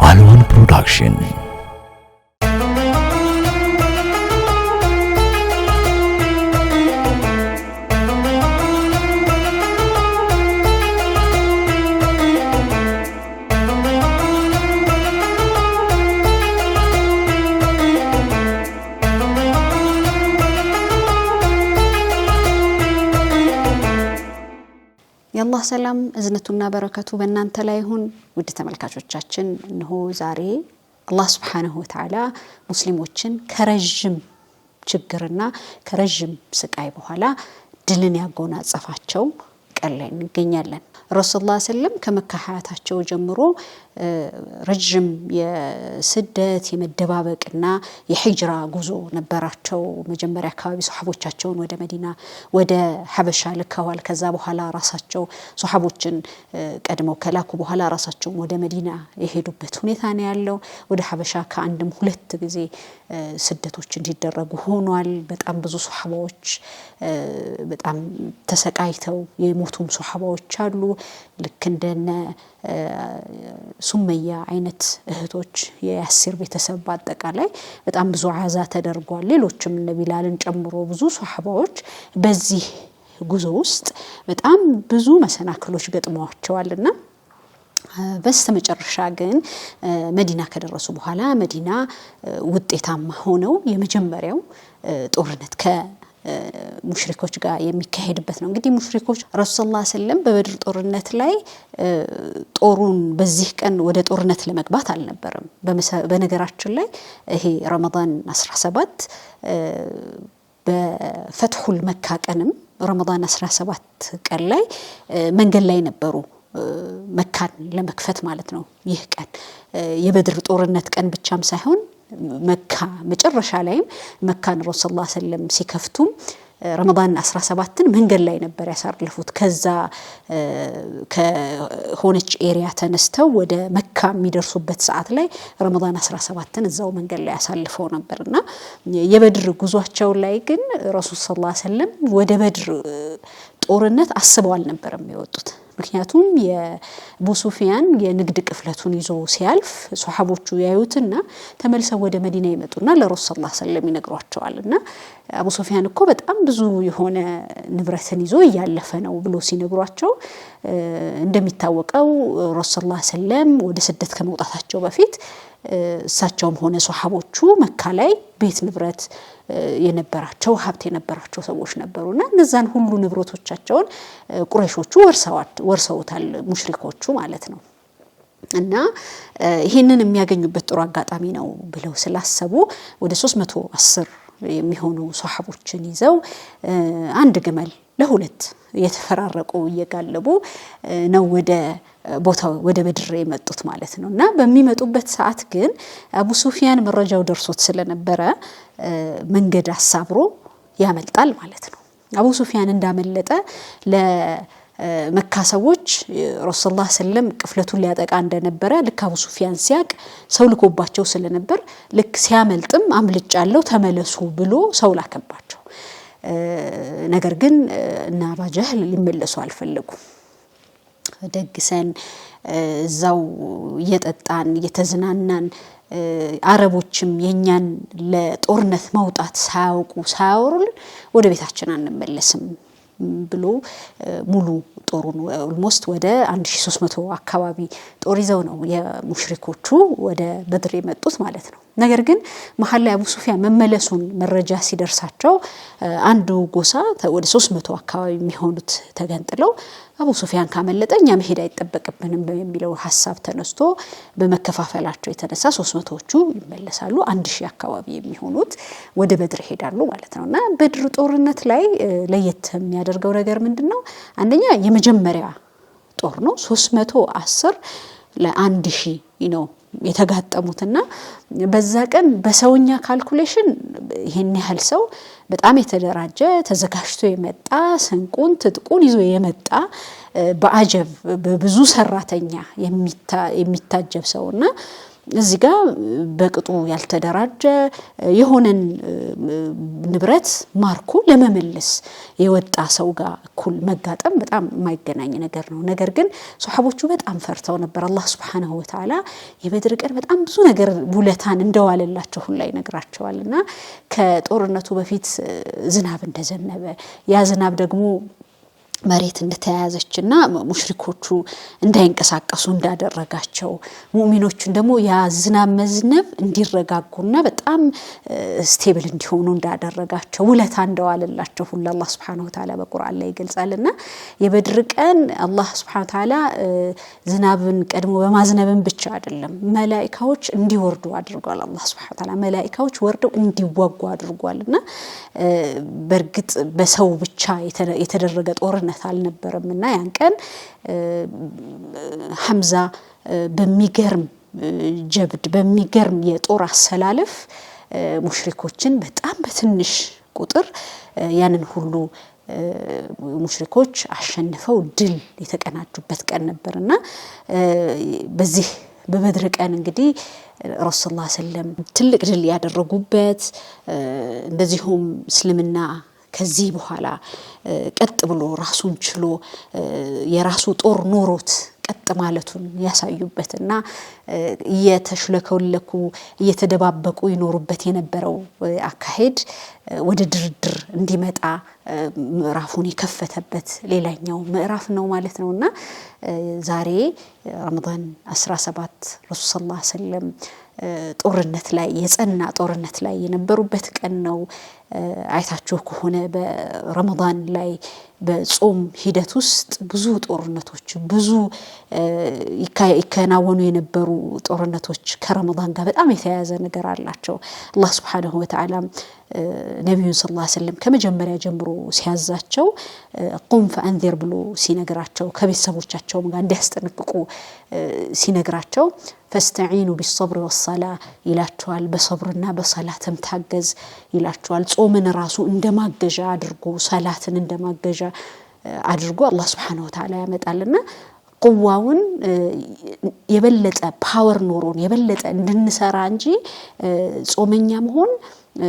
Alone Production ሰላም እዝነቱና በረከቱ በእናንተ ላይ ይሁን። ውድ ተመልካቾቻችን እንሆ ዛሬ አላህ ስብሓንሁ ወተዓላ ሙስሊሞችን ከረዥም ችግርና ከረዥም ስቃይ በኋላ ድልን ያጎናጸፋቸው ቀን ላይ እንገኛለን። ረሱል ላ ስለም ከመካ ሀያታቸው ጀምሮ ረዥም የስደት የመደባበቅና የሂጅራ ጉዞ ነበራቸው። መጀመሪያ አካባቢ ሶሓቦቻቸውን ወደ መዲና ወደ ሀበሻ ልከዋል። ከዛ በኋላ ራሳቸው ሶሓቦችን ቀድመው ከላኩ በኋላ ራሳቸውን ወደ መዲና የሄዱበት ሁኔታ ነው ያለው። ወደ ሀበሻ ከአንድም ሁለት ጊዜ ስደቶች እንዲደረጉ ሆኗል። በጣም ብዙ ሶሓባዎች በጣም ተሰቃይተው የሞቱም ሶሓባዎች አሉ ልክ እንደነ ሱመያ አይነት እህቶች የያሲር ቤተሰብ በአጠቃላይ በጣም ብዙ አዛ ተደርጓል። ሌሎችም እነ ቢላልን ጨምሮ ብዙ ሶሐባዎች በዚህ ጉዞ ውስጥ በጣም ብዙ መሰናክሎች ገጥመዋቸዋልና በስተ መጨረሻ ግን መዲና ከደረሱ በኋላ መዲና ውጤታማ ሆነው የመጀመሪያው ጦርነት ሙሽሪኮች ጋር የሚካሄድበት ነው። እንግዲህ ሙሽሪኮች ረሱል ሰለላሁ ስለም በበድር ጦርነት ላይ ጦሩን በዚህ ቀን ወደ ጦርነት ለመግባት አልነበረም። በነገራችን ላይ ይሄ ረመዳን 17 በፈትሁል መካ ቀንም ረመዳን 17 ቀን ላይ መንገድ ላይ ነበሩ መካን ለመክፈት ማለት ነው። ይህ ቀን የበድር ጦርነት ቀን ብቻም ሳይሆን መካ መጨረሻ ላይም መካን ረሱ ስ ላ ሰለም ሲከፍቱም ረመዳን 17ን መንገድ ላይ ነበር ያሳለፉት። ከዛ ከሆነች ኤሪያ ተነስተው ወደ መካ የሚደርሱበት ሰዓት ላይ ረመዳን 17ን እዛው መንገድ ላይ ያሳልፈው ነበር እና የበድር ጉዟቸው ላይ ግን ረሱል ስ ላ ሰለም ወደ በድር ጦርነት አስበው አልነበር የሚወጡት ምክንያቱም የቡሱፊያን የንግድ ቅፍለቱን ይዞ ሲያልፍ ሶሐቦቹ ያዩትና ተመልሰው ወደ መዲና ይመጡና ለረሱ ላ ሰለም ይነግሯቸዋል። እና አቡ ሶፊያን እኮ በጣም ብዙ የሆነ ንብረትን ይዞ እያለፈ ነው ብሎ ሲነግሯቸው እንደሚታወቀው ረሱ ላ ሰለም ወደ ስደት ከመውጣታቸው በፊት እሳቸውም ሆነ ሶሐቦቹ መካ ላይ ቤት ንብረት የነበራቸው ሀብት የነበራቸው ሰዎች ነበሩ እና እነዛን ሁሉ ንብረቶቻቸውን ቁረይሾቹ ወርሰውታል ሙሽሪኮቹ ማለት ነው። እና ይህንን የሚያገኙበት ጥሩ አጋጣሚ ነው ብለው ስላሰቡ ወደ 310 የሚሆኑ ሰሓቦችን ይዘው አንድ ግመል ለሁለት የተፈራረቁ እየጋለቡ ነው ወደ ቦታው ወደ በድር የመጡት ማለት ነው። እና በሚመጡበት ሰዓት ግን አቡ ሱፊያን መረጃው ደርሶት ስለነበረ መንገድ አሳብሮ ያመልጣል ማለት ነው። አቡ ሱፊያን እንዳመለጠ መካ ሰዎች ረሱል ላ ቅፍለቱን ሊያጠቃ እንደነበረ ልክ አቡ ሱፊያን ሲያቅ ሰው ልኮባቸው ስለነበር ልክ ሲያመልጥም አምልጫለው ተመለሱ ብሎ ሰው ላከባቸው። ነገር ግን እና አባጀህል ሊመለሱ አልፈለጉም። ደግሰን እዛው እየጠጣን እየተዝናናን አረቦችም የእኛን ለጦርነት መውጣት ሳያውቁ ሳያወሩልን ወደ ቤታችን አንመለስም ብሎ ሙሉ ጦሩን ኦልሞስት ወደ 1300 አካባቢ ጦር ይዘው ነው የሙሽሪኮቹ ወደ በድር የመጡት ማለት ነው። ነገር ግን መሀል ላይ አቡ ሱፊያን መመለሱን መረጃ ሲደርሳቸው አንዱ ጎሳ ወደ ሶስት መቶ አካባቢ የሚሆኑት ተገንጥለው አቡ ሱፊያን ካመለጠ እኛ መሄድ አይጠበቅብንም የሚለው ሀሳብ ተነስቶ በመከፋፈላቸው የተነሳ ሶስት መቶዎቹ ይመለሳሉ። አንድ ሺህ አካባቢ የሚሆኑት ወደ በድር ይሄዳሉ ማለት ነው እና በድር ጦርነት ላይ ለየት የሚያደርገው ነገር ምንድን ነው? አንደኛ የመጀመሪያ ጦር ነው። ሶስት መቶ አስር ለአንድ ሺህ ነው የተጋጠሙትና በዛ ቀን በሰውኛ ካልኩሌሽን ይህን ያህል ሰው በጣም የተደራጀ ተዘጋጅቶ የመጣ ስንቁን ትጥቁን ይዞ የመጣ በአጀብ በብዙ ሰራተኛ የሚታጀብ ሰውና እዚህ ጋ በቅጡ ያልተደራጀ የሆነን ንብረት ማርኮ ለመመለስ የወጣ ሰው ጋር እኩል መጋጠም በጣም የማይገናኝ ነገር ነው። ነገር ግን ሰሓቦቹ በጣም ፈርተው ነበር። አላህ ስብሓነሁ ወተዓላ የበድር ቀን በጣም ብዙ ነገር ውለታን እንደዋለላቸው ሁላ ይነግራቸዋል እና ከጦርነቱ በፊት ዝናብ እንደዘነበ ያ ዝናብ ደግሞ መሬት እንደተያያዘች እና ሙሽሪኮቹ እንዳይንቀሳቀሱ እንዳደረጋቸው ሙሚኖቹን ደግሞ የዝናብ መዝነብ እንዲረጋጉና በጣም ስቴብል እንዲሆኑ እንዳደረጋቸው ውለታ እንደዋለላቸው ሁሉ አላህ ስብሐነሁ ወተዓላ በቁርአን ላይ ይገልጻል። እና የበድር ቀን አላህ ስብሐነሁ ወተዓላ ዝናብን ቀድሞ በማዝነብን ብቻ አይደለም መላኢካዎች እንዲወርዱ አድርጓል። አላህ ስብሐነሁ ወተዓላ መላኢካዎች ወርደው እንዲዋጉ አድርጓል። እና በእርግጥ በሰው ብቻ የተደረገ ጦርነት እውነት አልነበረም እና ያን ቀን ሀምዛ በሚገርም ጀብድ በሚገርም የጦር አሰላለፍ ሙሽሪኮችን በጣም በትንሽ ቁጥር ያንን ሁሉ ሙሽሪኮች አሸንፈው ድል የተቀናጁበት ቀን ነበር እና በዚህ በበድር ቀን እንግዲህ ረሱል ላ ስለም ትልቅ ድል ያደረጉበት እንደዚሁም እስልምና ከዚህ በኋላ ቀጥ ብሎ ራሱን ችሎ የራሱ ጦር ኖሮት ቀጥ ማለቱን ያሳዩበትና እየተሽለከለኩ እየተደባበቁ ይኖሩበት የነበረው አካሄድ ወደ ድርድር እንዲመጣ ምዕራፉን የከፈተበት ሌላኛው ምዕራፍ ነው ማለት ነው እና ዛሬ ረመዳን 17 ረሱል ስ ጦርነት ላይ የጸና ጦርነት ላይ የነበሩበት ቀን ነው። አይታችሁ ከሆነ በረመዳን ላይ በጾም ሂደት ውስጥ ብዙ ጦርነቶች ብዙ ይከናወኑ የነበሩ ጦርነቶች ከረመዳን ጋር በጣም የተያያዘ ነገር አላቸው። አላህ ሱብሓነሁ ወተዓላ ነቢዩን ላ ስለም ከመጀመሪያ ጀምሮ ሲያዛቸው ቁም ፈአንዜር ብሎ ሲነግራቸው ከቤተሰቦቻቸውም ጋር እንዲያስጠነቅቁ ሲነግራቸው ፈስተዒኑ ቢሰብር ወሰላ ይላቸዋል። በሰብርና በሰላትም ታገዝ ይላቸዋል። ጾምን ራሱ እንደማገዣ አድርጎ ሰላትን እንደማገዣ አድርጎ አላህ ስብሓነ ወተዓላ ያመጣልና ቁዋውን የበለጠ ፓወር ኖሮን የበለጠ እንድንሰራ እንጂ ጾመኛ መሆን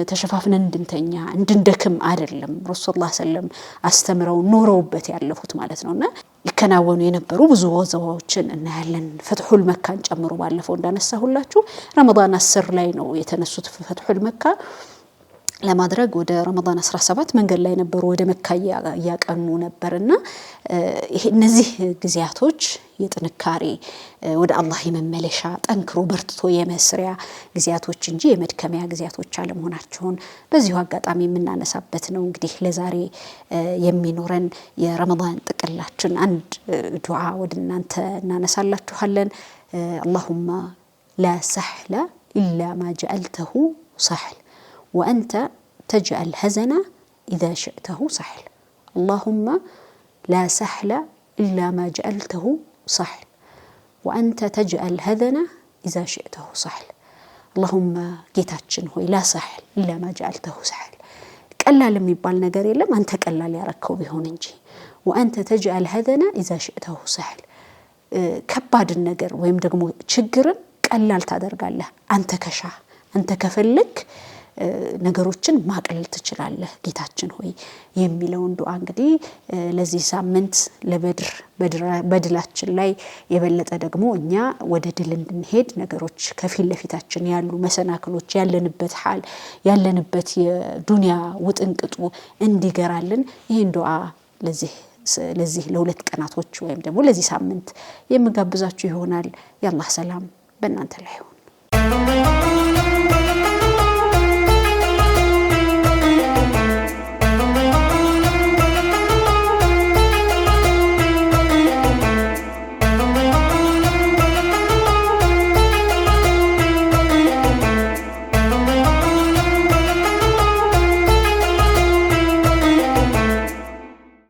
ተሸፋፍነን እንድንተኛ እንድንደክም አይደለም ረሱላ ሰለም አስተምረው ኖረውበት ያለፉት ማለት ነው እና ይከናወኑ የነበሩ ብዙ ወዘዋዎችን እናያለን። ፈትሑል መካን ጨምሮ ባለፈው እንዳነሳ ሁላችሁ አስር ላይ ነው የተነሱት ፈትሑል መካ ለማድረግ ወደ ረመዳን 17 መንገድ ላይ ነበሩ፣ ወደ መካ እያቀኑ ነበር እና እነዚህ ጊዜያቶች የጥንካሬ ወደ አላህ የመመለሻ ጠንክሮ በርትቶ የመስሪያ ጊዜያቶች እንጂ የመድከሚያ ጊዜያቶች አለመሆናቸውን በዚሁ አጋጣሚ የምናነሳበት ነው። እንግዲህ ለዛሬ የሚኖረን የረመዳን ጥቅላችን አንድ ዱዓ ወደ እናንተ እናነሳላችኋለን። አላሁማ ላ ሰህለ ኢላ ማ ጀአልተሁ ሰህል وأنت تجعل هزنا إذا شئته سحل اللهم لا سحل إلا ما جعلته سحل وأنت تجعل الهذن إذا شئته سحل اللهم قتاتشن هو لا سحل إلا ما جعلته سحل كلا لم يبال نقري لم أنت كلا لي ركو بهون انجي وأنت تجعل الهذن إذا شئته سحل كباد النقر ويمدقمو شقر كلا لتادر قال له أنت كشا أنت كفلك ነገሮችን ማቅለል ትችላለህ ጌታችን ሆይ የሚለውን ዱዓ እንግዲህ ለዚህ ሳምንት ለበድር በድላችን ላይ የበለጠ ደግሞ እኛ ወደ ድል እንድንሄድ ነገሮች ከፊት ለፊታችን ያሉ መሰናክሎች ያለንበት ሀል ያለንበት የዱንያ ውጥንቅጡ እንዲገራልን ይህን ዱዓ ለዚህ ለዚህ ለሁለት ቀናቶች ወይም ደግሞ ለዚህ ሳምንት የምጋብዛችሁ ይሆናል። የአላህ ሰላም በእናንተ ላይ ይሁን።